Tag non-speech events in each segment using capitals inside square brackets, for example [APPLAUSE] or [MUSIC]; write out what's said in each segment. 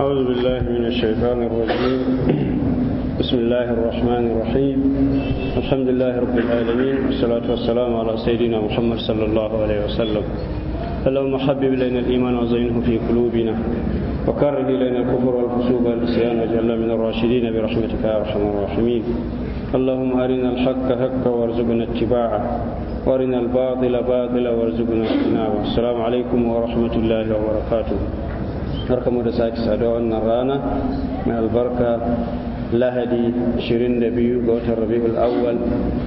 أعوذ بالله من الشيطان الرجيم بسم الله الرحمن الرحيم الحمد لله رب العالمين والصلاة والسلام على سيدنا محمد صلى الله عليه وسلم اللهم حبب إلينا الإيمان وزينه في قلوبنا وكره إلينا الكفر والفسوق والعصيان واجعلنا من الراشدين برحمتك يا أرحم الراحمين اللهم أرنا الحق حقا وارزقنا اتباعه وارنا الباطل باطلا وارزقنا اجتنابه السلام عليكم ورحمة الله وبركاته barkamu da sake saduwa wannan rana mai albarka lahadi 22 ga watan rabi'ul awwal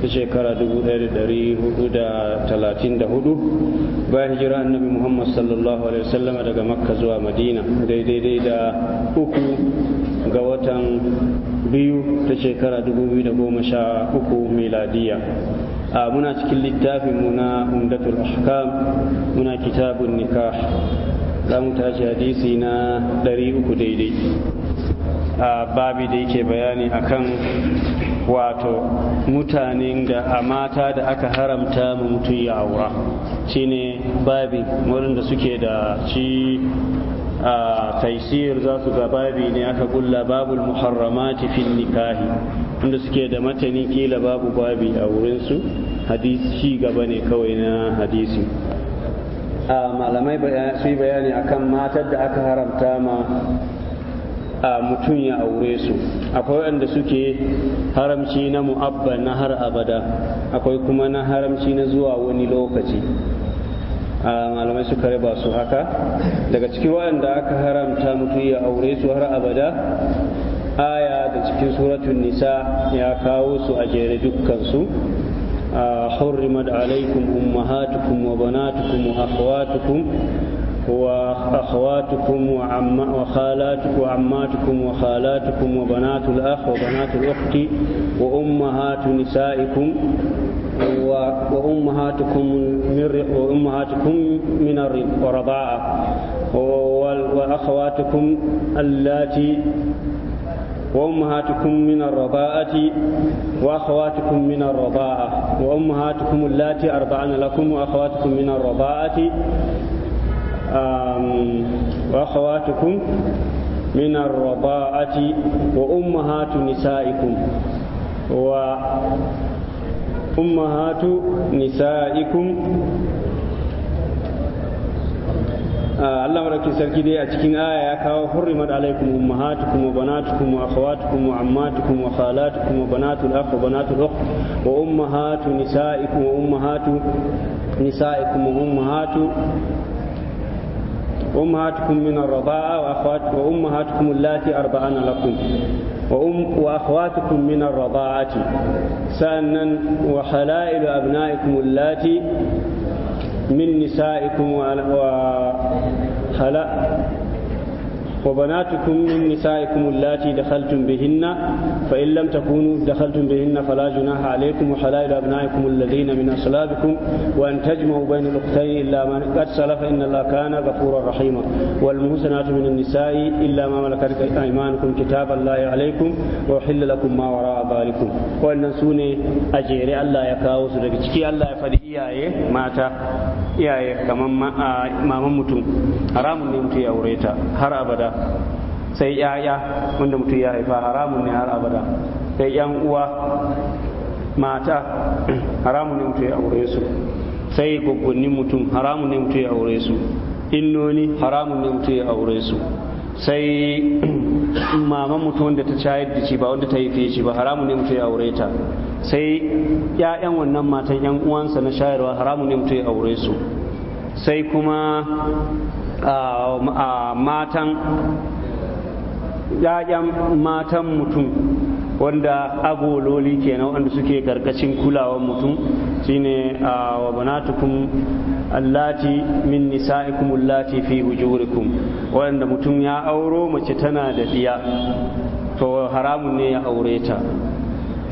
ta shekara 1434 bayan hijira annabi muhammad sallallahu alaihi wasallama daga makka zuwa madina daidai dai da uku ga watan biyu ta shekara 2013 miladiya a muna cikin littafin muna umdatul ahkam muna kitabun nikah za tashi hadisi na 300 daidai a babi da yake bayani akan wato mutanen da a mata da aka haramta mu mutum ya aura ne babi wurin da suke da shi a taisir za su ga babi ne aka gulla babul muharramati fil nikahi inda suke da matani kila babu babi a wurinsu hadisi shi gaba ne kawai na hadisi malamai su yi bayani akan matar da aka haramta ma A mutum ya aure su akwai waɗanda suke haramci na mu'abba na har abada akwai kuma na haramci na zuwa wani lokaci malamai suka raba su haka daga ciki waɗanda aka haramta mutum ya aure su har abada aya da cikin suratun nisa ya kawo su a jere dukkansu حرمت عليكم أمهاتكم وبناتكم وأخواتكم وأخواتكم وعم وخالاتكم وعماتكم وخالاتكم وبنات الأخ وبنات الأخت وأمهات نسائكم وأمهاتكم من وأمهاتكم من الرضاعة وأخواتكم اللاتي وأمهاتكم من الرضاءة وأخواتكم من الرضاعة وأمهاتكم اللاتي أرضعن لكم وأخواتكم من الرضاءة وأخواتكم من الرضاعة وأمهات نسائكم وأمهات نسائكم Allah madaukin sarki dai a cikin aya ya kawo hurrimat alaikum ummahatukum wa banatukum wa akhawatukum wa ammatukum wa khalatukum wa banatul akh wa banatul ukh wa ummahatu nisaikum wa ummahatu nisaikum wa ummahatu أمهاتكم من الرضاعة وأخوات وأمهاتكم اللاتي أرضعن لكم وأم وأخواتكم من الرضاعة سأنا وحلائل أبنائكم اللاتي من نسائكم وهل وبناتكم من نسائكم اللاتي دخلتم بهن فإن لم تكونوا دخلتم بهن فلا جناح عليكم وحلائل أبنائكم الذين من أصلابكم وأن تجمعوا بين الأختين إلا ما قد سلف إن الله كان غفورا رحيما والمحسنات من النساء إلا ما ملكت أيمانكم كتاب الله عليكم ويحل لكم ما وراء ذلكم وأن نسوني أجيري الله يكاوس لك الله يفدي إياه ماتا iyaye kamar maman mutum haramun ne mutum ya aure ta har abada sai yaya wanda mutum ya haifa haramun ne har abada sai yan uwa mata [CLEARS THROAT] haramun ne mutum ya aure su sai gwaggwannin mutum haramun ne mutum ya aure su innoni haramun ne mutum ya aure su sai [CLEARS THROAT] maman mutum wanda ta shayar da shi ba wanda ta haife shi ba haramun ne mutum ya aure ta sai ƴaƴan wannan matan ƴan uwansa na shayarwa haramun ne mutum ya aure su sai kuma matan ƴaƴan matan mutum wanda agololi kenan wanda suke karkashin kulawar mutum shine wa banatukum allati min nisaikum allati fi hujurikum wanda mutum ya auro mace tana da diya to haramun ne ya aure ta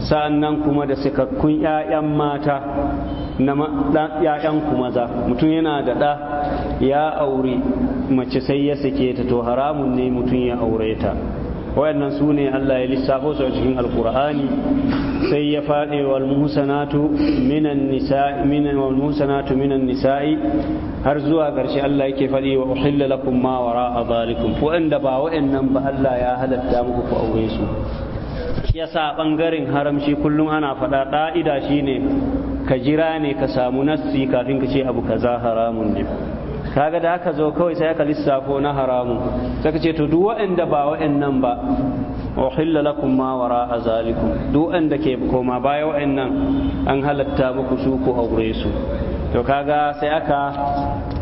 sa'annan kuma da sakakkun 'ya'yan mata na ƴaƴan kuma za mutum yana da ɗa ya aure mace sai ya sake ta to haramun ne mutum ya aure ta wayannan su ne Allah ya lissafo su a cikin alkur'ani sai ya faɗi wal muhsanatu minan nisa'i minan wal minan nisa'i har zuwa ƙarshe Allah yake faɗi wa uhilla lakum ma wara'a zalikum wa'anda ba wayannan ba Allah ya halatta muku ku aure su yasa ɓangaren haramci kullum ana faɗa ƙa'ida shine ka jira ne ka samu nassi kafin ka ce abu kaza haramun ne kaga da aka zo kawai sai aka lissafo na haramu sai ce to duk waɗanda ba waɗannan ba uhilla lakum ma wara azalikum duk waɗanda ke koma baya waɗannan an halatta muku su ku aure su to kaga sai aka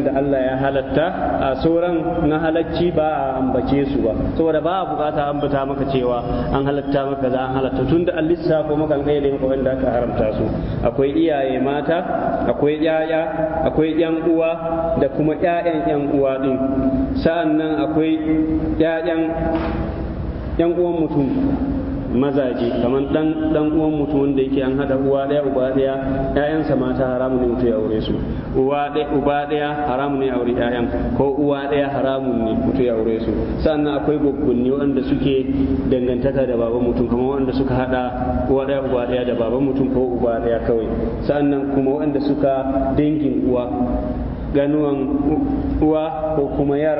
da Allah ya halatta a sauran na halacci ba a ambace su ba saboda ba a bukata ambata maka cewa an halatta maka za an halatta tun da alissa ko maka an gaida wanda aka haramta su akwai iyaye mata akwai yaya akwai yan uwa da kuma ƴaƴan yan uwa din sa'annan akwai ƴaƴan yan uwan mutum mazaje kamar dan dan uwan mutum wanda yake an hada uwa daya uba daya ƴaƴansa mata haramu ne mutum ya aure su uwa daya uba daya haramu ne aure ƴaƴan ko uwa daya haramu ne mutum ya aure su sannan akwai gogunni wanda suke dangantaka da baban mutum kamar wanda suka hada uwa daya uba daya da baban mutum ko uba daya kawai sannan kuma wanda suka dangin uwa ganuwan uwa ko kuma yar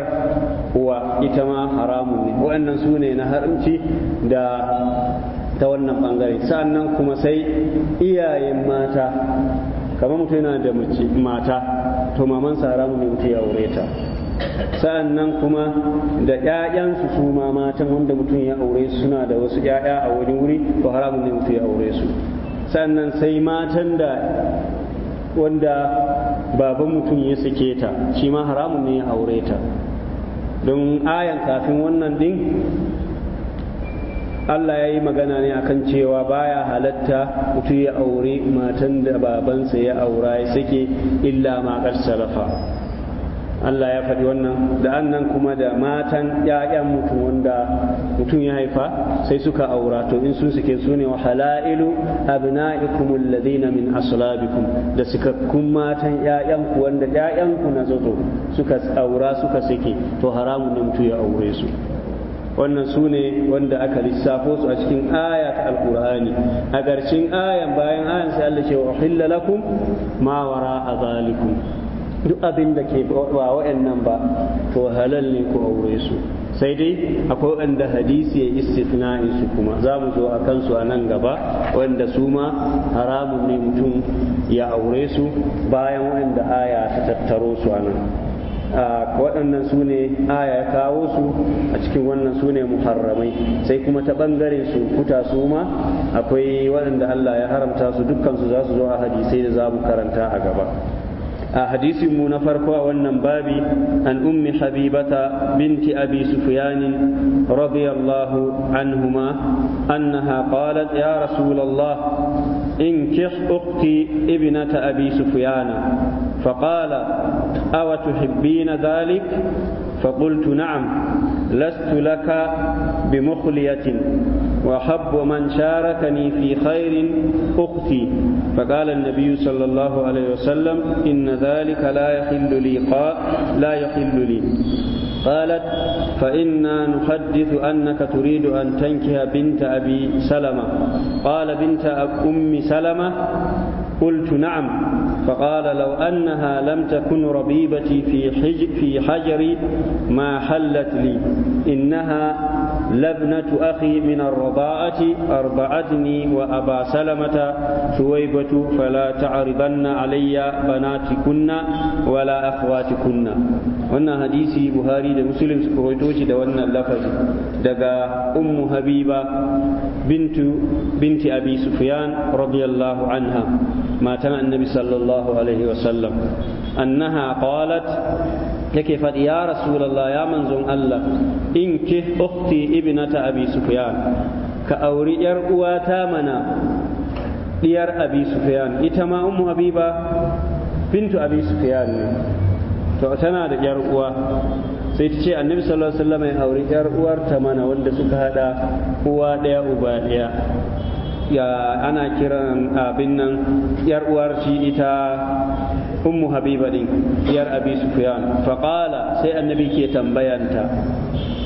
Kuwa ita ma haramun ne waɗannan su ne na haramci da ta wannan ɓangare sannan kuma sai iyayen mata kamar mutum yana da mata to mamansa haramun ne mutum ya aure ta sa'annan kuma da ‘ya'yansu su ma matan wanda mutum ya aure su suna da wasu ‘ya'ya a wani wuri to haramun ne mutum ya aure su sa'annan sai matan da wanda baban mutum ya sake ta shi ma haramun ne ya aure ta don ayan kafin wannan din Allah ya yi magana ne akan cewa baya halatta mutum ya aure matan da babansa ya aura ya sake illa ma sarrafa Allah ya faɗi wannan da annan kuma da matan ‘ya'yan mutum wanda mutum ya haifa sai suka aura to in sun suke su ne wa hala'ilu abna'ikum alladhina min aslabikum da sikakkun matan ‘ya'yan ku wanda ‘ya'yan ku na zoto suka aura suka sake to haramun ne mutum ya aure su wannan su ne wanda aka lissafo su a cikin aya ta alkur'ani a ƙarshen ayan bayan ayan sai Allah ce wa lakum ma wara duk abin da ke ba nan ba to halal ne ku aure su sai dai akwai wanda hadisi ya na su kuma za mu zo a kansu a nan gaba wanda su ma haramun ne mutum ya aure su bayan wanda aya ta tattaro su a nan waɗannan su ne aya ya kawo su a cikin wannan su ne muharramai sai kuma ta ɓangaren su kuta su ma akwai waɗanda Allah ya haramta su dukkan su za su zo a hadisai da za mu karanta a gaba آه، حديث من فرقا بابي عن أم حبيبة بنت أبي سفيان رضي الله عنهما أنها قالت يا رسول الله انكح أختي ابنة أبي سفيان فقال أو تحبين ذلك فقلت نعم لست لك بمخلية وأحب من شاركني في خير أختي فقال النبي صلى الله عليه وسلم إن ذلك لا يحل لي قال لا يحل لي قالت فإنا نحدث أنك تريد أن تنكح بنت أبي سلمة قال بنت أم سلمة قلت نعم فقال لو أنها لم تكن ربيبتي في, حج في حجري ما حلت لي إنها لبنة أخي من الرضاعة أربعتني وأبا سلمة ثويبة فلا تعرضن علي بناتكن ولا أخواتكن وانا حديث بخاري مسلم رويتوش دوانا اللفظ دقا أم حبيبة بنت بنت أبي سفيان رضي الله عنها ما تنى النبي صلى الله الله عليه وسلم أنها قالت take faɗi ya rasulallah ya manzon Allah in ibinata ukhti ibnata abi sufyan ka auri yar uwata mana diyar abi sufyan ita ma ummu habiba bintu abi ne to tana da yar uwa sai ta ce annabi sallallahu alaihi wasallam ya auri yar uwarta mana wanda suka hada uwa daya uba daya ana kiran abin nan yar uwar shi ita ummu habiba din yar abi sufyan fa qala sai annabi ke tambayanta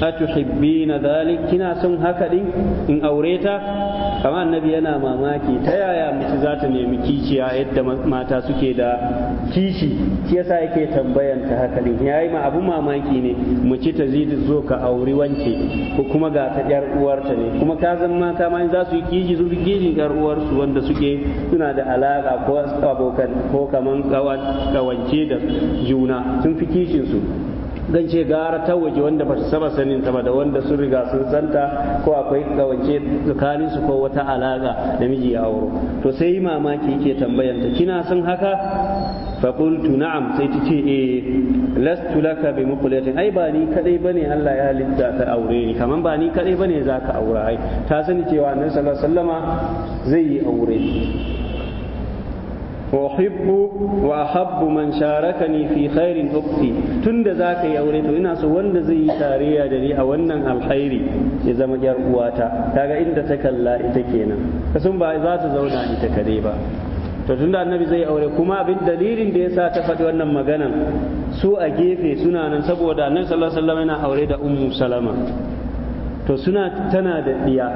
atuhibbina dhalik kina son haka din in aure ta kama annabi yana mamaki ta yaya mace za ta nemi kiciya yadda mata suke da kishi shi yasa yake tambayan ta haka din yayi ma abu mamaki ne mace ta zidi zo ka auri wance ko kuma ga ta yar uwarta ne kuma ka zan mata ma za su yi kishi su yi kishin yar su wanda suke suna da alaka ko abokan ko kaman kawance da juna sun fi kishin su dan ce gara ta waje wanda ba su saba sanin ta ba da wanda sun riga sun santa ko akwai kawance tsakanin su ko wata alaka da miji ya auro to sai mamaki yake tambayan ta kina san haka fa qultu na'am sai ta ce eh lastu laka bi muqlatin ai ba ni kadai bane Allah ya halitta ka aure ni kaman ba ni kadai bane zaka aure ai ta sani cewa annabi sallallahu alaihi wasallama zai yi aure uhibbu wa ahabbu man sharakani fi khairin ukti tunda zaka yi aure to ina so wanda zai yi tarayya da ni a wannan alkhairi ya zama yar uwata kaga inda ta kalla ita kenan kasan ba za ta zauna ita kadai ba to tunda annabi zai aure kuma abin dalilin da yasa ta faɗi wannan magana su a gefe suna nan saboda annabi sallallahu alaihi aure da ummu salama to suna tana da ɗiya.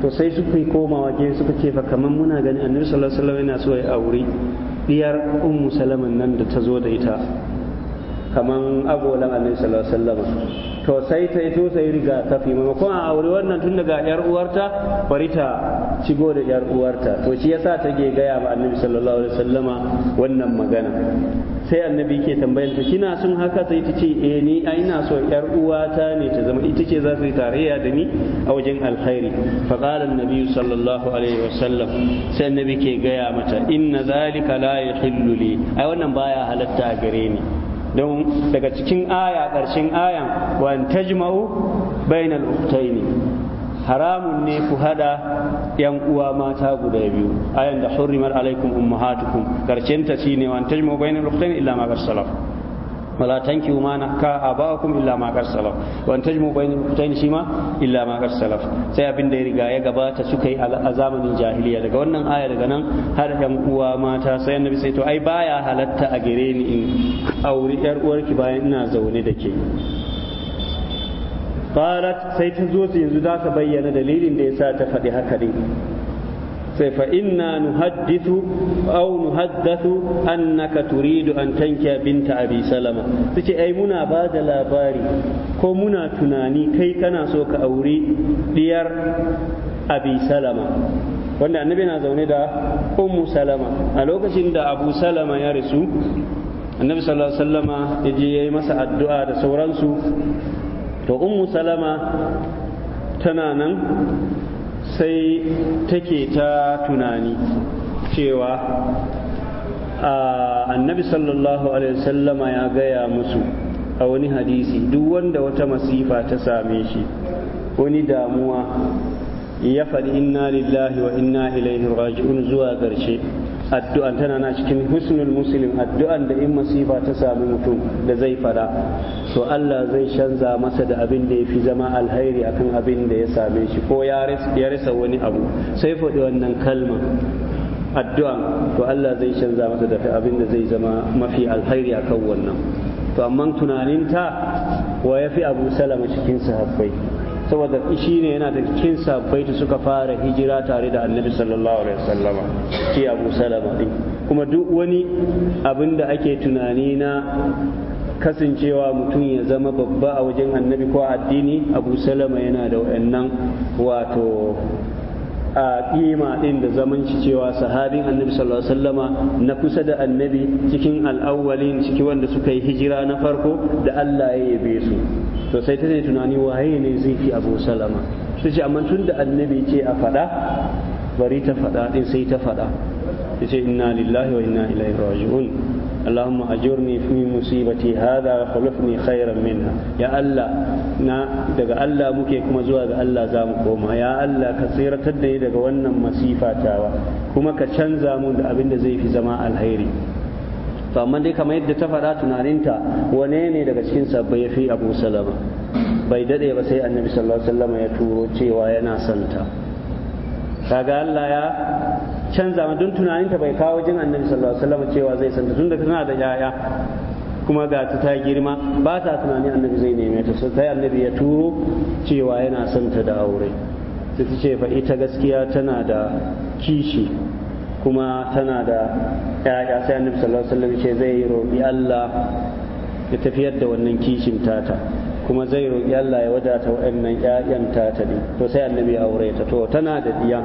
to sai su kai komawa gefe suka ce fa kamar muna gani annabi sallallahu alaihi wasallam yana so ya aure diyar ummu salaman nan da ta zo da ita kaman abolan annabi sallallahu alaihi wasallam to sai ta yi to sai riga kafi maimakon a aure wannan tun daga yar uwarta bari ta shigo da yar uwarta to shi yasa take gaya ma annabi sallallahu alaihi wasallama wannan magana sai annabi ke tambayar ta kina son haka sai ta ce eh ni a ina so yar uwata ne ta zama ita ce za su yi tarayya da ni a wajen alkhairi fa qala annabi sallallahu alaihi wasallam sai annabi ke gaya mata inna zalika la yahillu li ai wannan baya halatta gare ni don daga cikin aya ƙarshen ayan wa tajma'u bainal ukhtaini haramun ne ku hada yan uwa mata guda biyu ayan da hurrimar alaikum ummahatukum karshen ta shine wan tajmu bainal ukhtain illa ma qad salaf wala tanki ma naka abakum illa ma qad salaf tajmu bainal ukhtayn shima illa ma qad salaf sai abin da ya riga ya gabata suka yi a zamanin jahiliya daga wannan aya daga nan har yan uwa mata sai annabi sai to ai baya halatta a gare ni in auri yar uwarki bayan ina zaune da ke qalat sai ta zo yanzu za ta bayyana dalilin da yasa ta faɗi haka din sai fa inna nuhaddithu aw nuhaddathu annaka turidu an tankiya binta abi salama tace ai muna ba da labari ko muna tunani kai kana so ka auri diyar abi salama wanda annabi na zaune da ummu salama a lokacin da abu salama ya rasu annabi sallallahu alaihi wasallama ya yayi masa addu'a da sauransu to ummu salama tana nan sai take ta tunani cewa annabi sallallahu alaihi wasallama ya gaya musu a wani hadisi duk wanda wata masifa ta same shi wani damuwa ya faɗi inna lillahi wa inna ilaihi raji'un zuwa ƙarshe addu'an tana na cikin husnul muslim addu'an da in masifa ta sami mutum da zai fada to Allah zai canza masa da abin da ya fi zama alhairi akan abin da ya same shi ko ya rasa wani abu sai faɗi wannan kalma Addu'an to Allah zai canza masa da abin da zai zama mafi alhairi akan wannan to amma tunaninta wa ya fi abu salama cikin sahabbai saboda shi ne yana da cikin sabbai da suka fara hijira tare da annabi sallallahu alaihi wasallama ki abu salama din kuma duk wani abin da ake tunani na kasancewa mutum ya zama babba a wajen annabi ko addini abu salama yana da wayannan wato a kima din da zaman shi cewa sahabin annabi sallallahu alaihi wasallama na kusa da annabi cikin al'awwalin ciki wanda suka yi hijira na farko da Allah ya yabe su to sai ta ne tunani waye ne zai fi abu salama su ce amma tun da annabi ce a faɗa bari ta faɗa ɗin sai ta faɗa ta ce inna lillahi wa inna ilaihi raji'un اللهم أجرني في مصيبتي هذا وخلفني خيرا منها يا الله نا daga Allah muke kuma zuwa ga Allah za mu koma ya Allah ka tsiratar da ni daga wannan masifa tawa kuma ka canza mun da abin da zai fi zama alheri to amma dai kamar yadda ta faɗa tunaninta wane ne daga cikin sabbai ya fi abu salama bai daɗe ba sai annabi sallallahu alaihi wasallam ya turo cewa yana santa kaga Allah ya canza ma don tunaninta bai kawo jin annabi sallallahu alaihi wasallam cewa zai santa tunda tana da yaya kuma ga ta ta girma ba ta tunani annabi zai neme ta sai annabi ya turo cewa yana santa da aure sai ta ce fa ita gaskiya tana da kishi kuma tana da ya'ya sai annabi sallallahu alaihi ce zai yi roƙi Allah ya tafiyar da wannan kishin tata kuma zai roƙi Allah ya wadata waɗannan ƴaƴan tata ne to sai annabi ya aure ta to tana da ɗiyar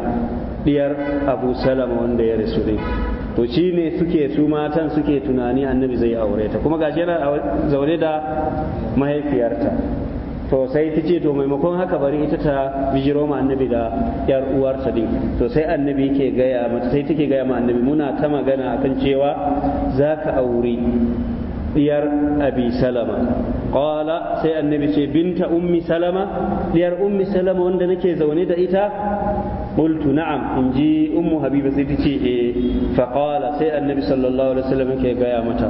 diyar Abu Salama wanda ya rasu ne to shi ne suke su matan suke tunani annabi zai aure ta kuma gashi yana zaune da mahaifiyarta to sai ta ce to maimakon haka bari ita ta bijiro ma annabi da yar ta din to sai annabi yake gaya mata sai take gaya ma annabi muna ta magana akan cewa zaka aure diyar abi salama qala sai annabi ce binta ummi salama diyar ummi salama wanda nake zaune da ita qultu na'am in ji ummu habiba sai ta ce eh fa qala sai annabi sallallahu alaihi wasallam yake gaya mata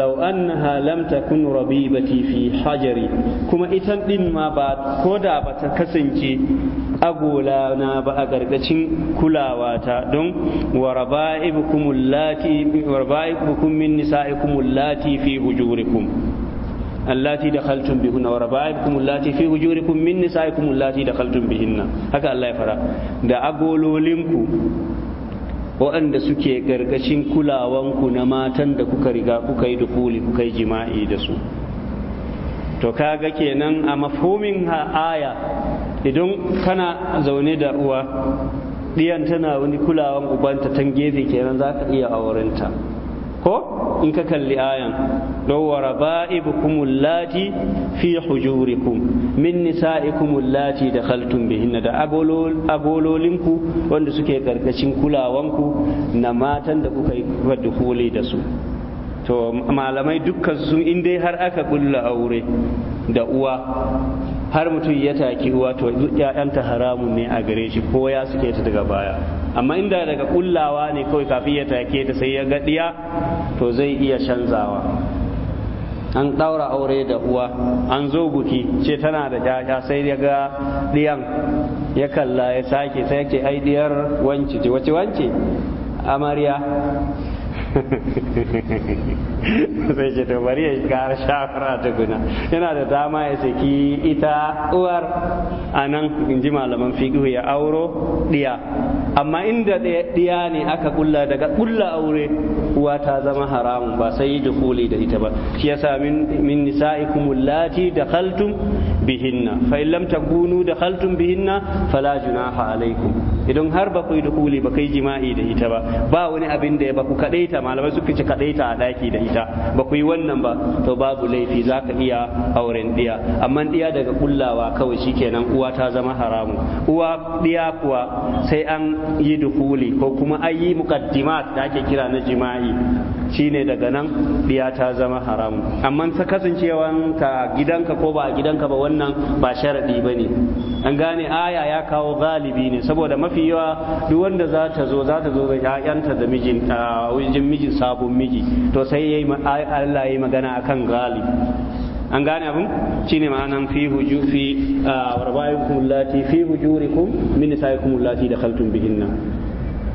law annaha lam takun rabibati fi hajari kuma ita ɗin ma ba ko da ba ta kasance agola na ba a gargacin kulawa don wa raba'ibukum allati wa raba'ibukum min nisa'ikum allati fi hujurikum allati dakhaltum bihunna wa raba'ikum allati fi hujurikum min nisaikum allati dakhaltum bihinna haka Allah ya fara da agololinku waɗanda suke gargashin kulawanku na matan da kuka riga kuka yi dukuli kuka yi jima'i da su to kaga kenan a mafhumin aya idan kana zaune da uwa ɗiyan tana wani kulawan ubanta tan gefe kenan za ka iya aurenta ko in ka kalli ayan don wa allati fi hujurikum min nisa'ikum allati dakhaltum bihin da abulul abululinku wanda suke karkashin kulawanku na matan da kuka yi dukuli da su to malamai dukkan sun in dai har aka kulla aure da uwa har mutum ya taki uwa to ya'yanta haramun ne a gare shi ko ya suke ta daga baya amma inda daga kullawa ne kawai kafin ya take ta sai ya gaɗiya to zai iya canzawa an ɗaura aure da uwa an zo buki ce tana da jaja, sai ya ga ɗiyan ya kalla ya sake sai yake ai ɗiyar wance ce wace wance amarya [LAUGHS] sai ce to bari ya kara shafara ta guna yana da dama ya saki ita uwar a nan in ji malaman fiƙihu ya auro ɗiya amma inda ɗaya ne aka ƙulla daga ƙulla aure uwa ta zama haramun ba sai yi dukuli da ita ba shi sa min nisa'ikum da dakhaltum bihinna fa in lam takunu dakhaltum bihinna fala junaha alaikum idan har ba ku yi dukuli ba kai jima'i da ita ba ba wani abin da ba ku kaɗaita malamai suka ce kadaita a daki da ita ba ku yi wannan ba to babu laifi za ka iya auren ɗiya amma ɗiya daga ƙullawa kawai shikenan uwa ta zama haramun uwa ɗiya kuwa sai an yi dukuli ko kuma an yi muqaddimat da ake kira na jima'i shine daga nan diya ta zama haramu amma ta kasancewa ka gidanka ko ba gidanka ba wannan ba sharadi bane an gane aya ya kawo galibi ne saboda mafi yawa duk wanda za ta zo za ta zo da ƴaƴanta da mijin mijin sabon miji to sai yayi Allah yayi magana akan galibi an gane abin ne ma'anan fi huju fi ah, warbayin kumulati fi hujurikum min nisaikum allati dakhaltum bihinna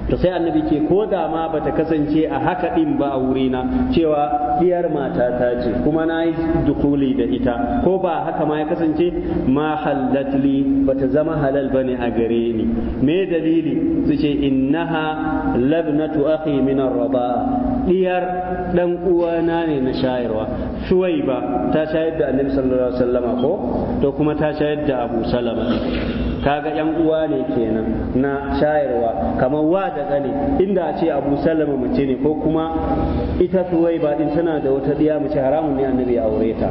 to sai annabi ke ko da ma bata kasance a haka din ba a wurina cewa diyar ta ce kuma na yi dukuli da ita ko ba haka ma ya kasance ma ba ta zama halal ba ne a gare ni me dalili su ce innaha labnatu akhi min ar-raba diyar dan uwana ne na shayarwa ba ta shayar da annabi sallallahu alaihi wasallama ko to kuma ta shayar da abu salama kaga yan uwa ne kenan na shayarwa kamar wa da ƙane inda a ce abu sallama mace ne ko kuma ita suwai ba din tana da wata diya mace haramun ne annabi ya aure ta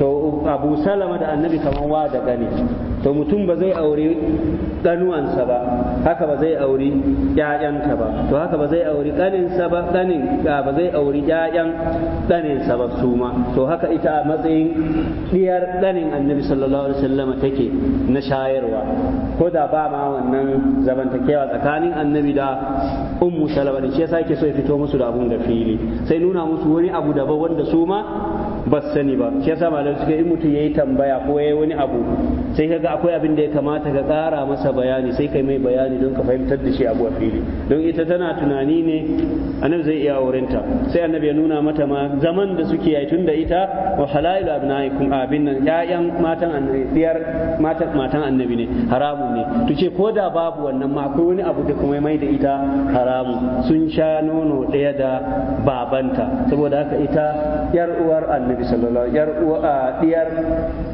to abu salama da annabi kamar wa da gani to mutum ba zai aure sa ba haka ba zai auri ƴaƴanta ba to haka ba zai aure ƙaninsa ba ƙanin ba zai auri ƴaƴan ɗaninsa ba su ma to haka ita a matsayin ɗiyar ɗanin annabi sallallahu alaihi wasallam take na shayarwa ko da ba ma wannan zamantakewa tsakanin annabi da ummu salama da shi yasa yake so ya fito musu da abun da fili sai nuna musu wani abu daban wanda su ma ba sani ba shi yasa malamai suka in mutum yi tambaya ko ya yi wani abu sai ga akwai abin da ya kamata ka ƙara masa bayani sai kai mai bayani don ka fahimtar da shi abu a fili don ita tana tunani ne annabi zai iya aurenta sai annabi ya nuna mata ma zaman da suke yi tun da ita wa halailu abnaikum abin nan ƴaƴan matan annabi diyar matan annabi ne haramu ne to ce ko da babu wannan ma akwai wani abu da kuma mai da ita haramu sun sha nono ɗaya da babanta saboda haka ita yar uwar annabi annabi sallallahu alaihi yar uwa diyar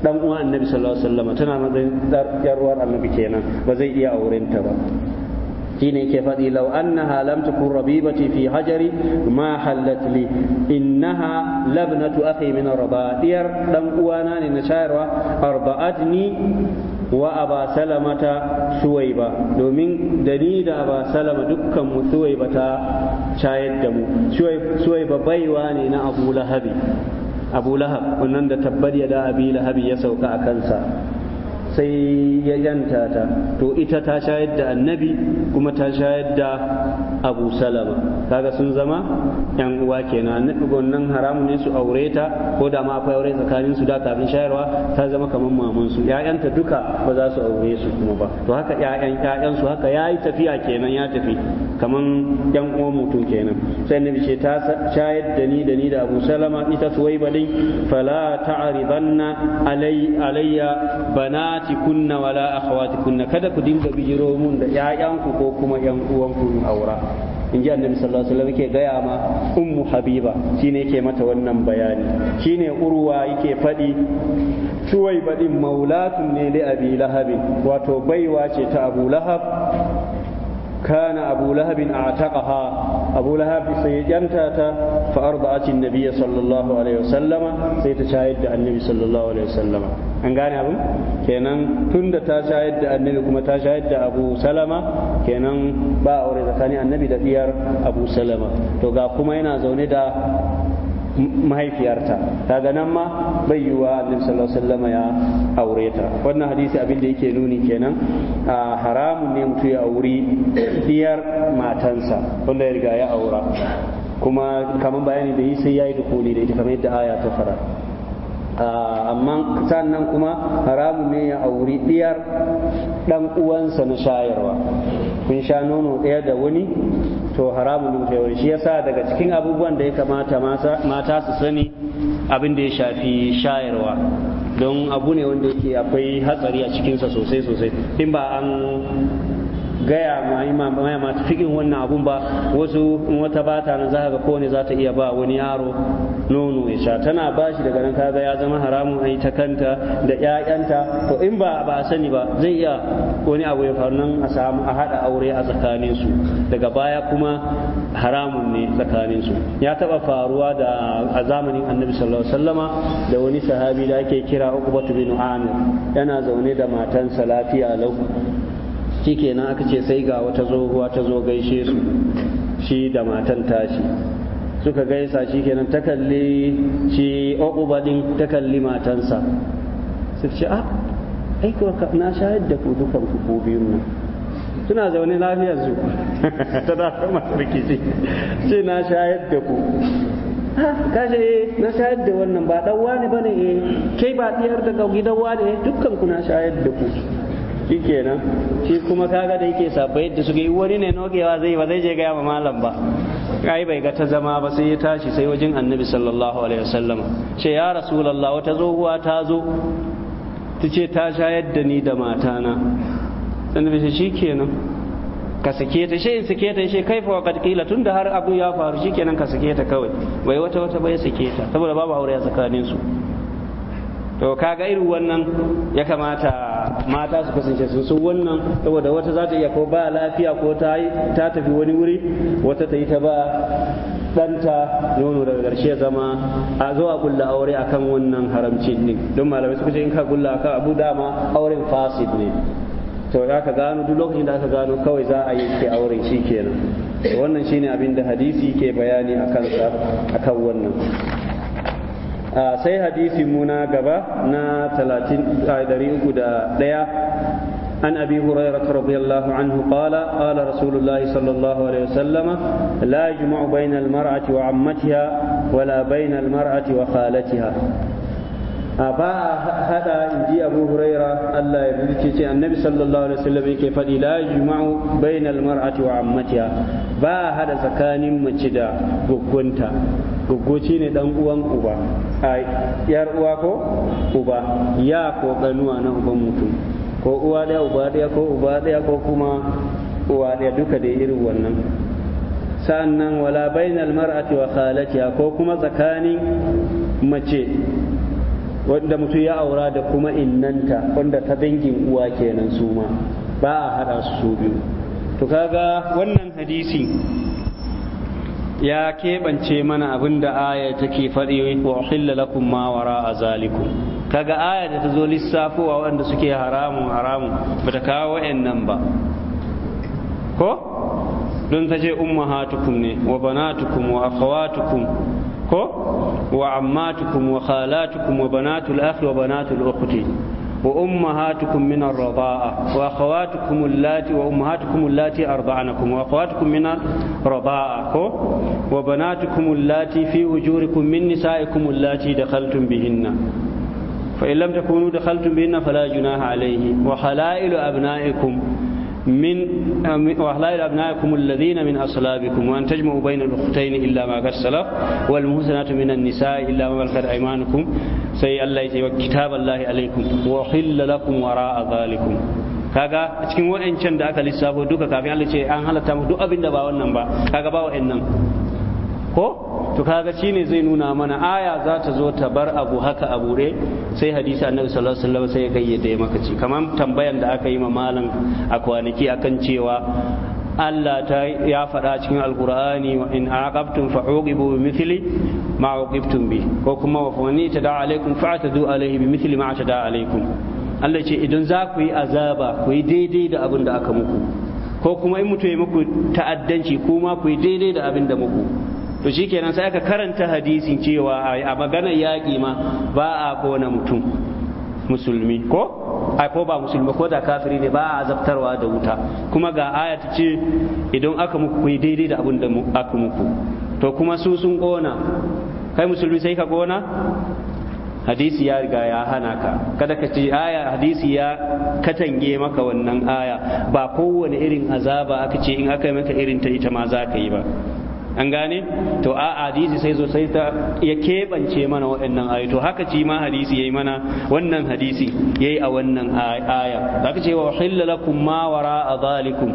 dan uwa annabi sallallahu alaihi wasallam tana matsayin yar uwar annabi kenan ba zai iya aurenta ba shine ke faɗi lau annaha lam takun rabibati fi hajari ma hallat li innaha labnatu akhi min arba diyar dan uwana ne na shayarwa arba'atni wa aba salamata domin da ni da aba salama dukkan mu ta shayar da mu suwaiba baiwa ne na abu lahabi abu lahab wannan da tabbar ya da abi lahab ya sauka a kansa sai ya yanta ta to ita ta shayar da annabi kuma ta shayar da abu salama kaga sun zama yan uwa kenan annabi wannan haramun ne su aure ta ko da ma akwai aure tsakanin su da kafin shayarwa ta zama kamar maman su ƴaƴanta duka ba za su aure su kuma ba to haka ƴaƴan ƴaƴan su haka yayi tafiya kenan ya tafi kaman yan uwan mutum kenan sai annabi ce ta shayar da ni da ni da Abu Salama ita Suwaiba din fala ta'ridanna alai alayya banati kunna wala akhawati kunna kada ku dinga bijiro mun da 'ya'yanku ko kuma yan uwanku aura in ji annabi sallallahu alaihi wasallam yake gaya ma ummu habiba shine yake mata wannan bayani shine urwa yake faɗi suwai baɗin maulatun ne li abi lahabin wato baiwa ce ta abu lahab kana abu lahabin a taƙaha abu lahabi sai ya kyanta ta fa'arda'atin nabiya sallallahu alaihi wasallama sai ta shayar da annabi sallallahu alaihi wasallama an gane abin kenan tun da ta shayar da annabi kuma ta shayar da abu salama kenan ba aure tsakanin annabi da ɗiyar abu salama to ga kuma yana zaune da mahaifiyarta daga nan ma bai wa annabi sallallahu alaihi wasallam ya aure ta wannan hadisi abin da yake nuni kenan haramun ne mutum ya auri diyar matansa wanda ya riga ya aura kuma kamar bayani da yi sai ya yi dukuli da ita kamar yadda aya ta fara amma sannan kuma haramun ne ya auri ɗiyar ɗan uwansa na shayarwa kun sha nono ɗaya da wani to haramun wuce shi yasa daga cikin abubuwan da ya kamata mata su sani abin da ya shafi shayarwa don abu ne wanda yake akwai hatsari a cikinsa sosai sosai in ba an gaya ma imam fikin wannan abun ba wasu in wata bata nan za ga kowane za ta iya ba wani yaro nono ya sha tana ba shi daga nan kaga ya zama haramun a ta kanta da ƴaƴanta to in ba ba a sani ba zai iya wani abu ya faru nan a samu a haɗa aure a tsakanin su daga baya kuma haramun ne tsakanin su ya taɓa faruwa da a zamanin annabi sallallahu alaihi wasallama da wani sahabi da ake kira Uqbatu bin Amir yana zaune da matansa lafiya lau shikenan aka ce sai ga wata zohuwa ta zo gaishe su shi da matan tashi suka gaisa shikenan ta kalli shi uquba ta kalli matansa su ce a ah, ai na shayar da ku dukan ku ko biyun nan suna zaune lafiyar su ta da kuma rikici ce na shayar da ku ah, Ka eh na shayar da wannan ba dan wani bane eh kai ba diyar da gidan wani eh, dukkan ku na shayar da ku Shi kenan shi kuma kaga da yake sabba yadda suka yi wani ne nogewa zai ba zai je gaya ma malam ba ai bai ga ta zama ba sai ya tashi sai wajen annabi sallallahu alaihi wasallam ce ya rasulullah wata tsohuwa ta zo ta ce ta shayar da ni da matana annabi ce kenan ka sake ta shi in sake ta shi kai fa katkila tun tunda har abu ya faru shikenan ka sake ta kawai bai wata wata bai sake ta saboda babu aure a tsakaninsu to kaga irin wannan ya kamata mata su kasance su su wannan saboda wata za ta iya ko ba lafiya ko ta ta tafi wani wuri wata ta yi ta ba danta nono daga ƙarshe zama a zo a gulla aure akan wannan haramci ne don malamai suka ce in ka gulla akan abu dama auren fasid ne to ya ka gano duk lokacin da aka gano kawai za a yi ke auren shi kenan wannan shine abin da hadisi ke bayani akan wannan sai hadisi muna gaba na 301 عن أبي هريرة رضي الله عنه قال قال رسول الله صلى الله عليه وسلم لا يجمع بين المرأة وعمتها ولا بين المرأة وخالتها a hada inji abu huraira Allah ya bulke ce annabi sallallahu alaihi wasallam yake faɗi la juma'u bainal mar'ati wa ammatiha ba a hada tsakanin mace da goggonta goggoci ne dan uwan uba ai yar uwa ko uba ya ko ganuwa na uban mutum ko uwa da uba da ko uba da ko kuma uwa da duka da irin wannan sa'annan wala bainal mar'ati wa khalatiha ko kuma tsakanin mace wanda mutum ya aura da kuma innanta wanda ta dangin uwa kenan su ma ba a haɗa su su biyu to kaga wannan hadisi ya keɓance mana abin da aya take faɗi wa uhilla lakum ma wara a zalikum kaga aya da ta zo lissafowa wanda suke haramun haramun ta kawo wa'annan ba ko don ta ce ummahatukum ne wa banatukum wa akhawatukum كو وعماتكم وخالاتكم وبنات الأخ وبنات الأخت وأمهاتكم من الرضاعة وأخواتكم اللاتي وأمهاتكم اللاتي أرضعنكم وأخواتكم من الرضاعة وبناتكم اللاتي في أجوركم من نسائكم اللاتي دخلتم بهن فإن لم تكونوا دخلتم بهن فلا جناح عليه وحلائل أبنائكم من وأهلال أبنائكم الذين من أصلابكم وأن تجمعوا بين الأختين إلا ما قد سلف والمحسنات من النساء إلا ما ملكت أيمانكم سي الله يتي كتاب الله عليكم وحل لكم وراء ذلكم kaga cikin waɗancan da aka lissafo duka kafin Allah ce an halatta mu duk abin da ba wannan ba kaga ba waɗannan ko to kaga shine zai nuna mana aya za ta zo ta bar abu haka a bure sai hadisi annabi sallallahu alaihi wasallam sai ya ya maka ci kamar tambayan da aka yi ma malam a kwanaki akan cewa Allah ta ya faɗa cikin alkur'ani wa in aqabtum fa uqibu bi mithli ma uqibtum bi ko kuma wa fani da alaikum fa tadu alaihi bi mithli ma atada alaikum Allah ce idan za ku yi azaba ku yi daidai da abin da aka muku ko kuma in mutu ya muku ta'addanci kuma ku yi daidai da abin da muku to shikenan sai aka karanta hadisin cewa a magana yaƙi ma ba a kona mutum musulmi ko ai ko ba musulmi ko da kafiri ne ba a azabtarwa da wuta kuma ga aya ta ce idan aka muku kai daidai da abin da aka muku to kuma su sun kona kai musulmi sai ka kona hadisi ya riga ya hana ka kada ka ce aya hadisi ya katange maka wannan aya ba kowane irin azaba aka ce in aka yi maka irin ta ita ma za ka yi ba an gane to a hadisi sai zo sai ta ya keɓance mana waɗannan ayoyi to haka ci ma hadisi yayi mana wannan hadisi yayi a wannan aya zaka ce wa uhilla lakum ma wara adhalikum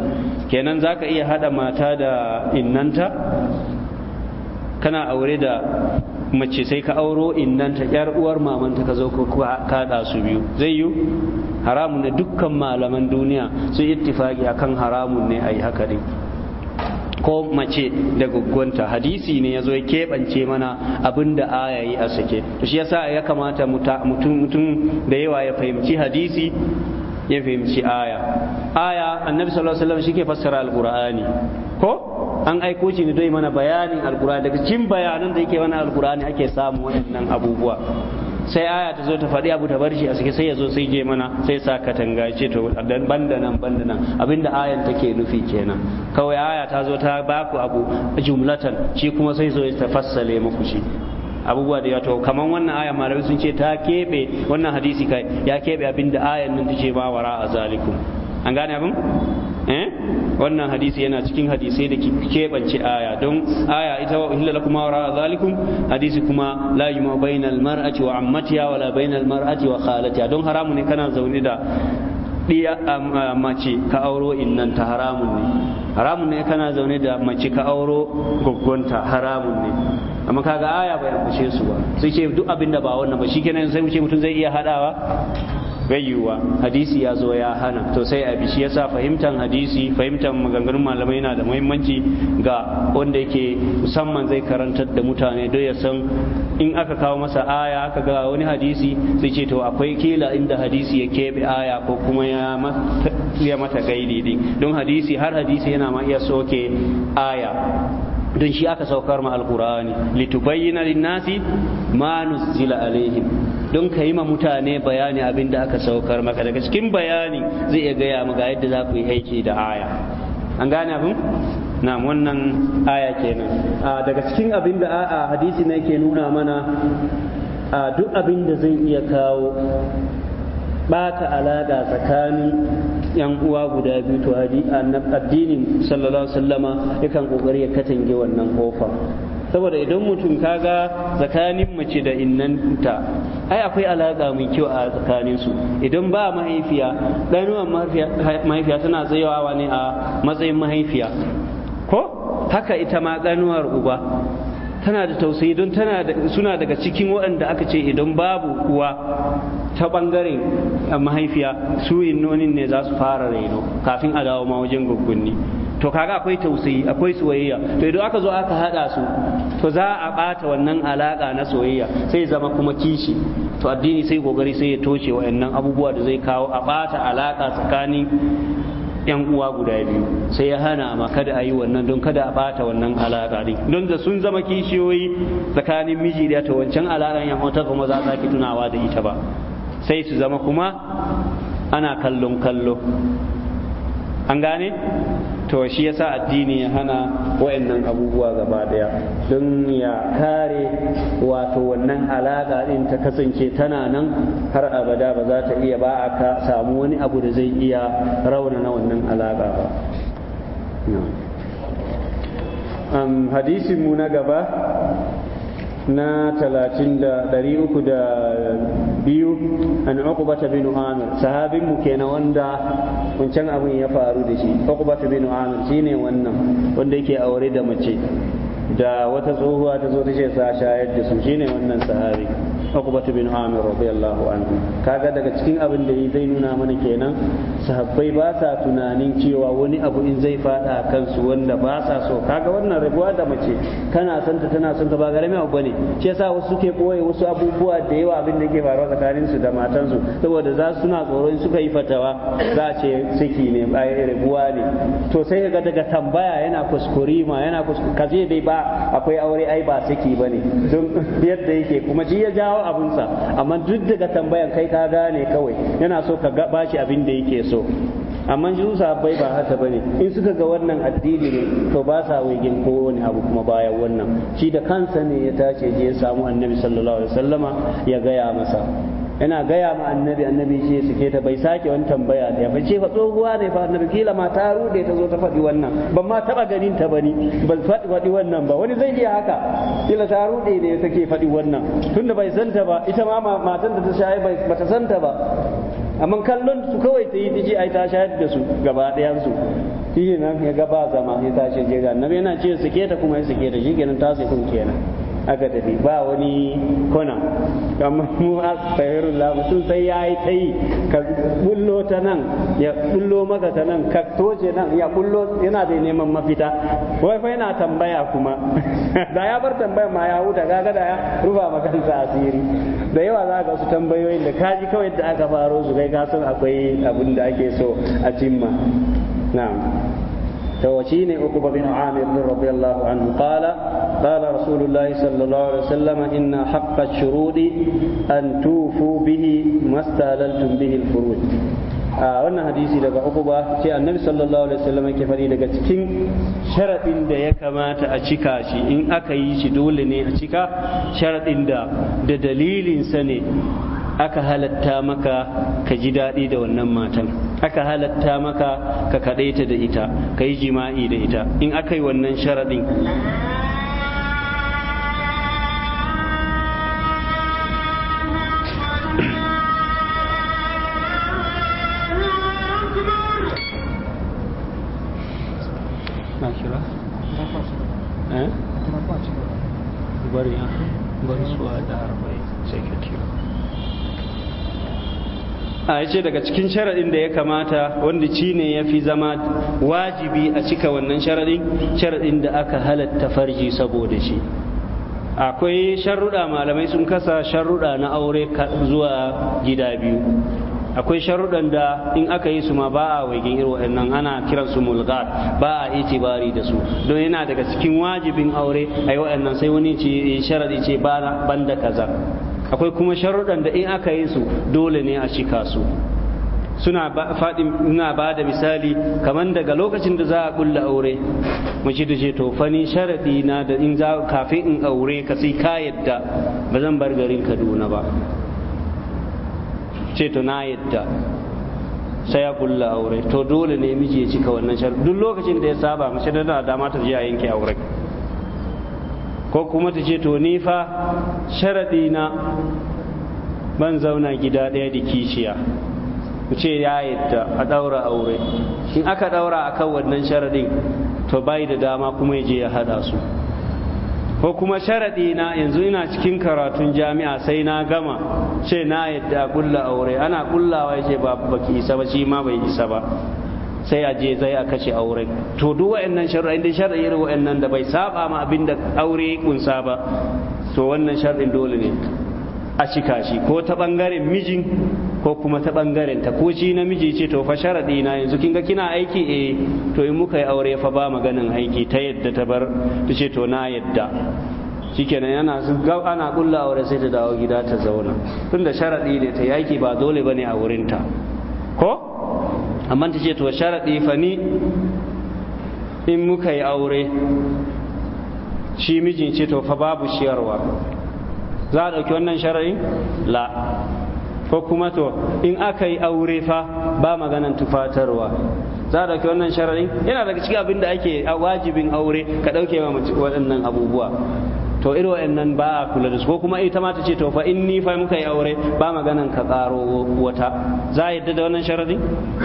kenan zaka iya hada mata da innanta kana aure da mace sai ka auro innanta yar uwar mamanta ka zo ka kada su biyu zai yi haramun ne dukkan malaman duniya sun ittifaki akan haramun ne ayi haka dai ko mace da gugunta hadisi ne yazo ya keɓance mana abin da aya yi a sake to shi yasa ya kamata mutum da yawa ya fahimci hadisi ya fahimci aya aya annabi sallallahu alaihi wasallam shike fassara alqur'ani ko an aiko shi ne don mana bayanin alqur'ani daga cikin bayanan da yake wani alqur'ani ake samu waɗannan abubuwa sai aya ta zo ta faɗi abu ta bar shi a sike sai ya zo sai je mana sai sa katanga ce to banda nan banda nan abinda ayan take nufi kenan kawai aya ta zo ta baku abu jumlatan shi kuma sai zo ya tafassale muku shi abubuwa da yato kaman wannan aya malamai sun ce ta kebe wannan hadisi kai ya keɓe abinda ayan nan ta ce ba wara a zalikum an gane abin Eh? wannan hadisi yana cikin hadisai da keɓance aya don aya ita wa uhilla lakum wa zalikum hadisi kuma la yuma bainal mar'ati wa ammatiha wala bainal mar'ati wa khalatiha don haramun ne kana zaune da diya mace ka auro innan ta haramun ne haramun ne kana zaune da mace ka auro goggonta haramun ne amma kaga aya bai ambace su ba sai ce duk abinda ba wannan ba shikenan sai mu ce mutum zai iya hadawa bayyuwa hadisi ya zo ya hana to sai a bishi yasa fahimtar hadisi fahimtar maganganun malamai na da muhimmanci ga wanda yake musamman zai karantar da mutane don ya san in aka kawo masa aya aka ga wani hadisi sai ce to akwai kila inda hadisi ya keɓe aya ko kuma ya mata gaidi din don hadisi har hadisi yana ma iya soke aya don shi aka saukar ma alkur'ani litubayyana linnasi ma nuzila alaihim don ka yi ma mutane bayani abin da aka saukar maka daga cikin bayani zai iya gaya ga yadda za ku yi aiki da aya an gane abin na wannan aya kenan daga cikin abin da a hadisi na ke nuna mana duk abin da zai iya kawo bata alaƙa tsakanin yan uwa guda biyu to addinin sallallahu alaihi wasallama yakan kokari ya katange wannan kofa saboda idan mutum kaga tsakanin mace da innanta ai akwai alaƙa mai kyau a tsakanin su idan ba mahaifiya ɗanuwan mahaifiya tana tsayawa ne a matsayin mahaifiya ko haka ita ma ƙanuwar uba tana da tausayi don suna daga cikin waɗanda aka ce idan babu kuwa ta ɓangaren eh, mahaifiya su innonin ne za su fara raino kafin a dawo ma wajen gaggunni to kaga akwai tausayi akwai soyayya to idan aka zo aka haɗa su to za a bata wannan alaka na soyayya sai zama kuma kishi to addini sai gogari sai ya toshe wa'annan abubuwa da zai kawo a bata alaka tsakanin yan uwa guda biyu sai ya hana ma kada a yi wannan don kada a bata wannan alaƙa din don da sun zama kishiyoyi tsakanin miji da ta wancan alaƙan yan wata kuma za ta ki tunawa da ita ba sai su zama kuma ana kallon kallo an gane to shi yasa addini ya hana wayannan abubuwa gaba daya don ya kare wato wannan alaƙa din ta kasance tana nan har abada ba za ta iya ba a ka samu wani abu da zai iya raunana wannan alaka ba um, hadisin mu na gaba na talatin da ɗari uku da biyu an uqbata bin amir sahabin mu kenan wanda wancan abin ya faru da shi uqbata bin amir shine wannan wanda yake aure da mace da wata tsohuwa ta zo ta ce sa shayar da su shine wannan sahabi Uqbatu bin Amir radiyallahu anhu kaga daga cikin abin da zai nuna mana kenan sahabbai ba sa tunanin cewa wani abu in zai fada kansu wanda ba sa so kaga wannan rabuwa da mace kana son ta tana son ta ba garami abu bane shi yasa wasu suke koyi wasu abubuwa da yawa abin da ke faruwa tsakanin su da matan su saboda za su na tsoro in suka yi fatawa za a ce saki ne ai rabuwa ne to sai kaga daga tambaya yana kuskuri ma yana kaje dai ba akwai aure ai ba saki bane don [LAUGHS] yadda yake kuma shi ya jawo yawa sa amma duk daga tambayan kai ka gane kawai yana so ka ba shi abin da yake so amma shi sahabbai ba haka bane in suka ga wannan addini ne to ba sa wegin ko wani abu kuma bayan wannan shi da kansa ne ya tace je ya samu annabi sallallahu alaihi wasallama ya gaya masa yana gaya ma annabi annabi shi suke ta bai sake wani tambaya da ba ce fa tsohuwa ne fa annabi kila ma ta rude ta zo ta faɗi wannan ban ma taɓa ganin ta bani ban faɗi faɗi wannan ba wani zai iya haka kila ta rude ne take faɗi wannan tunda bai santa ba ita ma matan da ta shaye bai bata santa ba amma kallon su kawai ta yi ta ce ai ta shayar da su gaba ɗayan su shi nan ya ga ba zama ya tashi je ga annabi yana ce sake ta kuma ya sake ta shi kenan ta sai kun kenan aka tafi ba wani kona kamar mu astaghfirullah sun sai ya yi ta yi ka bullo ta nan ya bullo maka ta nan ka toce nan ya bullo yana da neman mafita wai fa yana tambaya kuma [LAUGHS] da ya bar tambaya ma ya huta ga da ya rufa maka asiri da yawa za ka su tambayoyin da kaji kawai da aka faro su kai ka san akwai abin da ake so a cimma na'am توشيني عقبة بن عامر رضي الله عنه قال قال رسول الله صلى الله عليه وسلم إن حق أن توفوا به ما استهللتم به الفروج wannan hadisi daga uku annabi yake fari daga cikin sharadin da ya kamata a cika shi in aka yi shi dole ne a cika sharadin da da dalilinsa ne aka halatta maka ka ji daɗi da wannan matan aka halatta maka ka kaɗaita da ita ka yi jima'i da ita in aka yi wannan sharaɗin ya ce daga cikin sharaɗin da ya kamata wanda ci ne ya fi zama wajibi a cika wannan sharaɗin sharaɗin da aka halatta farji saboda shi akwai sharuɗa malamai sun kasa sharuɗa na aure zuwa gida biyu akwai sharuɗan da in aka yi su ma ba a waigin irin nan ana kiran su ba a itibari da su don yana daga cikin wajibin aure a yi sai wani ce eh, sharaɗi ce ban da kaza akwai kuma sharuɗan da in aka yi su dole ne a cika su suna ba da misali kamar daga lokacin da za a ƙulla aure mace da ce to fani sharaɗi na da in za kafin in aure ka sai ka yadda ba zan bar garin kaduna ba ce to na yadda sai ya ƙulla aure to dole ne miji ya cika wannan sharaɗi duk lokacin da ya saba mace da dama ta je a yanke aure. ko kuma ta ce to ni fa sharaɗi na ban zauna gida ɗaya da kishiya ku ce ya yadda a ɗaura aure in aka ɗaura akan wannan sharaɗin to bai da dama kuma ya je ya haɗa su ko kuma sharaɗi na yanzu ina cikin karatun jami'a sai na gama ce na yadda a ƙulla aure ana ƙullawa ya ce ba baki isa ba shi ma bai isa ba sai a je zai a kashe auren to duk wa'annan shar'i da shar'i irin wa'annan da bai saba ma abin da aure kunsa ba to wannan shar'in dole ne a cika shi ko ta bangaren mijin ko kuma ta bangaren ta ko shi namiji ce to fa sharadi na yanzu kinga kina aiki eh to in muka yi aure fa ba maganin aiki ta yadda ta bar ta ce to na yadda shikenan yana ga ana kulla aure sai ta dawo gida ta zauna tunda sharadi ne ta yaki ba dole bane a wurinta ko amma ta ce to sharaɗi fa ni in muka yi aure shi mijin ce to fa babu ciyarwa za a ɗauki wannan shara'i la ko kuma to in aka yi aure fa ba maganan tufatarwa za a ɗauki wannan shara'i yana daga cikin abin da ake wajibin aure ka ɗauke wa waɗannan abubuwa to irin wa'annan ba a kula da su ko kuma ita ma ta ce to fa in ni fa muka yi aure ba maganan ka karo wata za a yadda da wannan sharadi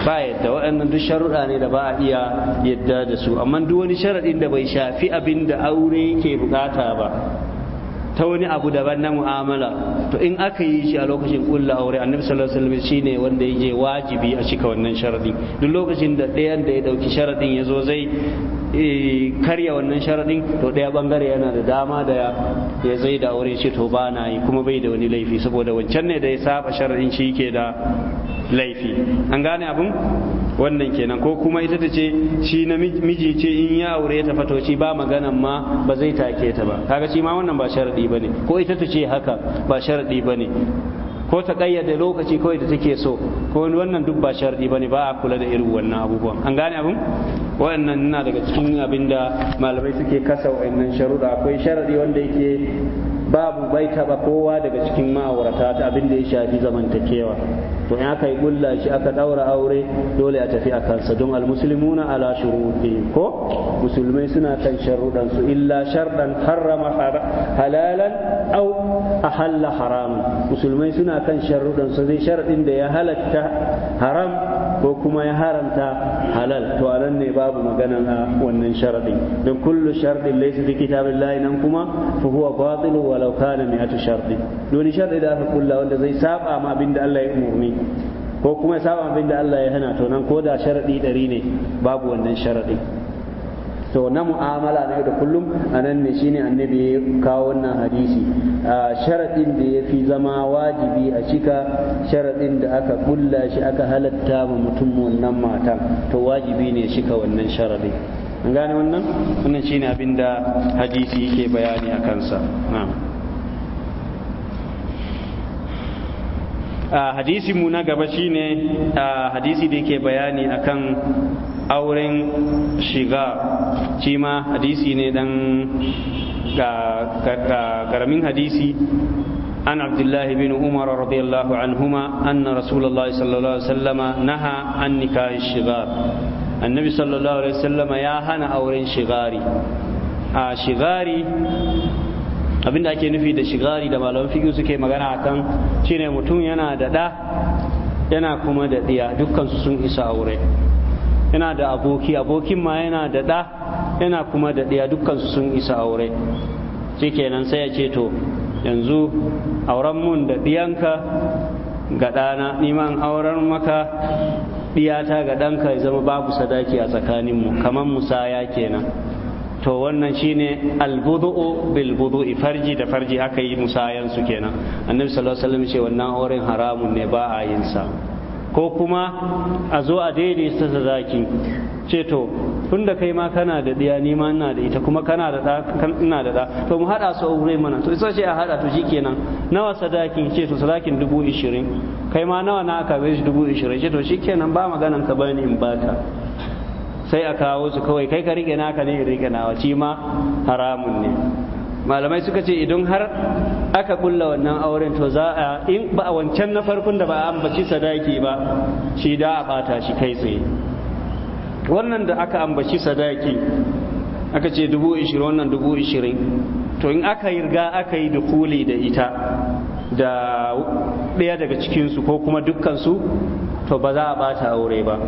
ba yadda waɗannan duk sharuɗa ne da ba a iya yadda da su amma duk wani sharadin da bai shafi abin da aure yake bukata ba ta wani abu daban na mu'amala to in aka yi shi a lokacin kulla aure annabi sallallahu alaihi wasallam shine wanda yake wajibi a cika wannan sharadi duk lokacin da ɗayan da ya dauki sharadin zo zai Eh, karya wannan sharaɗin to ɗaya bangare yana da dama da ya zai da aure shi to ba na yi kuma bai da wani laifi saboda wancan ne da ya saba sharaɗin shi ke da laifi an gane abin wannan kenan ko kuma ita ta ce shi na miji ce in ya aure ta fatoci ba maganan ma ba zai take ta ba kaga shi ma wannan ba sharadi bane ko ita ta ce haka ba sharadi bane ko ta kayyade lokaci kawai da take so ko wannan duk ba sharɗi ba ne ba a kula da irin wannan abubuwan an gane abin waɗannan ina daga cikin abin da malamai suke kasa waɗannan sharuɗa akwai sharaɗi wanda yake babu bai taɓa kowa daga cikin ma'aurata ta abin da ya shafi zamantakewa to in aka yi shi aka ɗaura aure dole a tafi a kansa don almuslimuna ala shuruɗi ko musulmai suna kan sharuɗan su illa sharɗan harrama halalan au ahalla haram musulmai suna kan sharuɗan su zai sharɗin da ya halatta haram ko kuma ya haramta halal to nan ne babu maganan a ah, wannan sharaɗi don kullu sharadin laysa fi layi nan kuma fa huwa batil walau kana mi'atu sharadi doni sharadi da aka kulla wanda zai saba ma abinda Allah ya umurni ko kuma ya saba abinda Allah ya hana to nan ko da sharadi ɗari ne babu wannan sharadi to na mu'amala na yau da kullum a nan ne shine annabi ya kawo wannan hadisi sharadin da ya fi zama wajibi a cika sharadin da aka kulla shi aka halatta ma mutum wannan matan to wajibi ne shika wannan sharadin an gane wannan wannan shine abin da hadisi yake bayani a kansa na'am hadisi mu na gaba shine hadisi da yake bayani akan auren shiga shi ma hadisi ne dan karamin hadisi an abdullahi bin umar radiyallahu anhuma anna rasulullahi sallallahu alaihi wasallama naha an nikahi shiga annabi sallallahu alaihi wasallama ya hana auren shigari a shigari abinda ake nufi da shigari da malaman fiye suke magana a kan shine mutum yana da ɗa yana kuma da ɗiya su sun isa aure. aure yana da aboki abokin ma yana da ɗa yana kuma da ɗaya dukkan sun isa aure kenan sai ya ce to yanzu auren mun da ɗiyanka ga ɗana niman auren maka ɗiyata ga ɗanka ya zama babu sadaki a tsakaninmu kamar musaya kenan to wannan shine albudu'u bil budu'i farji da farji aka yi musayansu kenan annabi sallallahu alaihi wasallam ce wannan auren haramun ne ba a yin sa ko kuma a zo a daidai daidaita sadaki ce to tun da kai ma kana da ɗiya ni ma ina da ita kuma kana da ɗa ina da ɗa to mu haɗa su aure mana to isa ce a haɗa to shikenan nawa sadakin ce to sadakin dubu ishirin kai ma nawa na aka bai shi dubu ishirin ce to shikenan ba maganan ka bani in baka sai a kawo su kawai kai ka rike naka ne in rike nawa shi ma haramun ne malamai suka ce idan har aka kulla wannan auren to za a in ba a wancan na farkon da ba a ambaci sadaki ba shi da a bata shi kai tsaye wannan da aka ambaci sadaki aka ce dubu ishirin wannan dubu ishirin to in aka yi riga aka yi dukuli da ita da ɗaya daga cikinsu ko kuma dukkansu to ba za a bata aure ba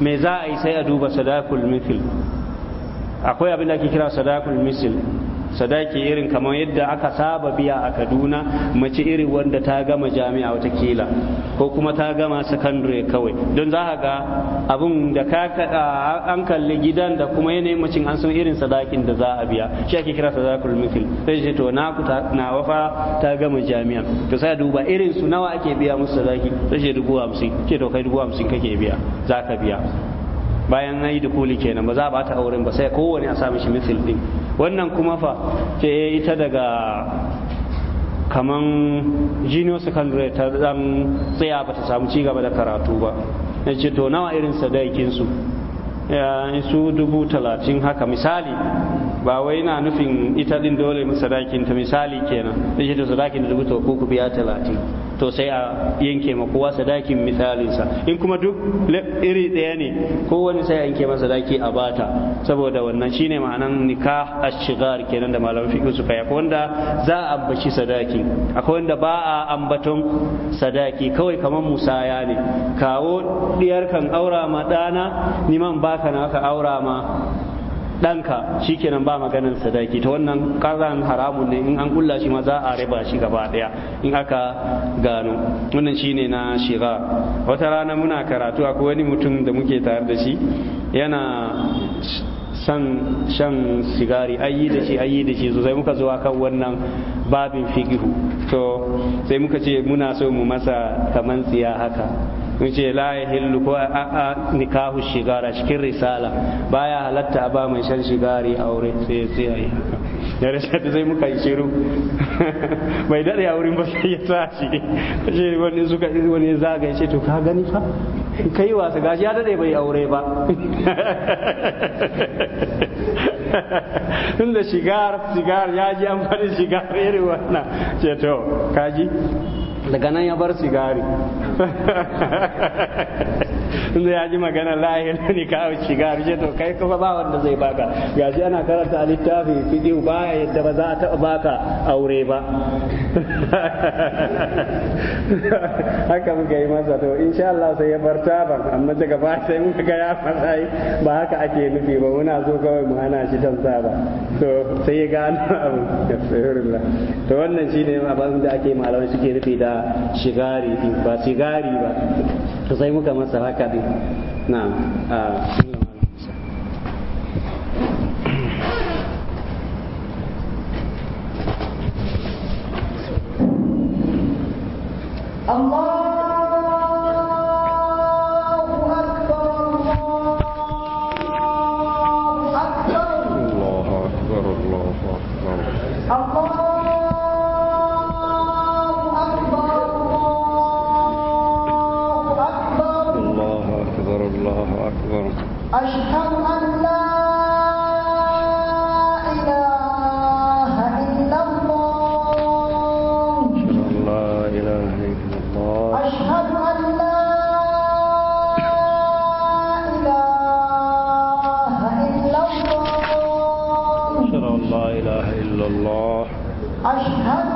me za a yi sai a duba sadakul mithil akwai abin da ake kira sadakul misil sadaki irin kamar yadda aka saba biya a kaduna mace irin wanda ta gama jami'a watakila ko kuma ta gama sakandare kawai don za ga abin da ka an kalli gidan da kuma yanayin macin an san irin sadakin da za a biya shi ake kira sadakul mithil sai ce to na ku na wafa ta gama jami'a to sai duba irin su nawa ake biya musu sadaki sai ce dubu hamsin ke to kai dubu hamsin kake biya za ka biya bayan na yi dukuli kenan ba za a bata auren ba sai kowane a sa shi misil din wannan kuma fa ce ita daga kaman junior secondary ta dan tsaya ba ta samu cigaba da karatu ba na ce to nawa irin sadakinsu su dubu talatin haka misali ba wai na nufin ita din dole sadakin ta misali kenan na ce to sadakin da dubu to ko ku biya talatin to sai a yanke ma kowa sadakin misalinsa in kuma duk iri ɗaya ne kowane sai a yanke masa sadaki a bata saboda wannan shine ma'anan nikah ashigar kenan da malam fiqh suka yi wanda za a ambaci sadaki akwai wanda ba a ambaton sadaki kawai kamar musaya ne kawo diyar kan aura ma dana niman baka na aka aura ma ɗanka shikenan ba maganin sadaki ta wannan ƙaran haramun ne in an kulla shi ma za a riba shi gaba ɗaya in aka gano wannan shine na shiga wata rana muna karatu akwai wani mutum da muke tare da shi yana shan sigari ayi da shi ayi da shi sosai muka zo kan wannan babin fikihu to sai muka ce muna so mu masa kaman tsiya haka mun ce la yahillu ko a nikahu shigara cikin risala baya halatta ba mai shan shigari aure sai sai ayi haka ya rasa sai muka yi shiru [LAUGHS] bai daɗe a ba sai ya tashi shi wani suka wani ya zagaye ce to ka gani fa kai wasa gashi ya daɗe bai aure ba [LAUGHS] tunda [LAUGHS] da shigar shigar ya ji an bari shigar [LAUGHS] irin wannan ce to kaji daga nan ya bar sigari [LAUGHS] in ya ji magana lahir ne ka shiga rije to kai kuma ba wanda zai baka shi ana karanta a littafi fidiyu ba yadda ba za a taɓa baka aure ba [LAUGHS] haka muka yi masa to insha Allah sai ya bar taban amma daga ba sai muka ga ya fasai ba haka ake nufi ba muna so kawai mu hana shi tan ba to sai ya gano abu astaghfirullah to wannan shine abin da ake malamai suke nufi da shigari ba sigari ba to sai muka masa haka zakat Nah, uh, Allah اللہ اشہد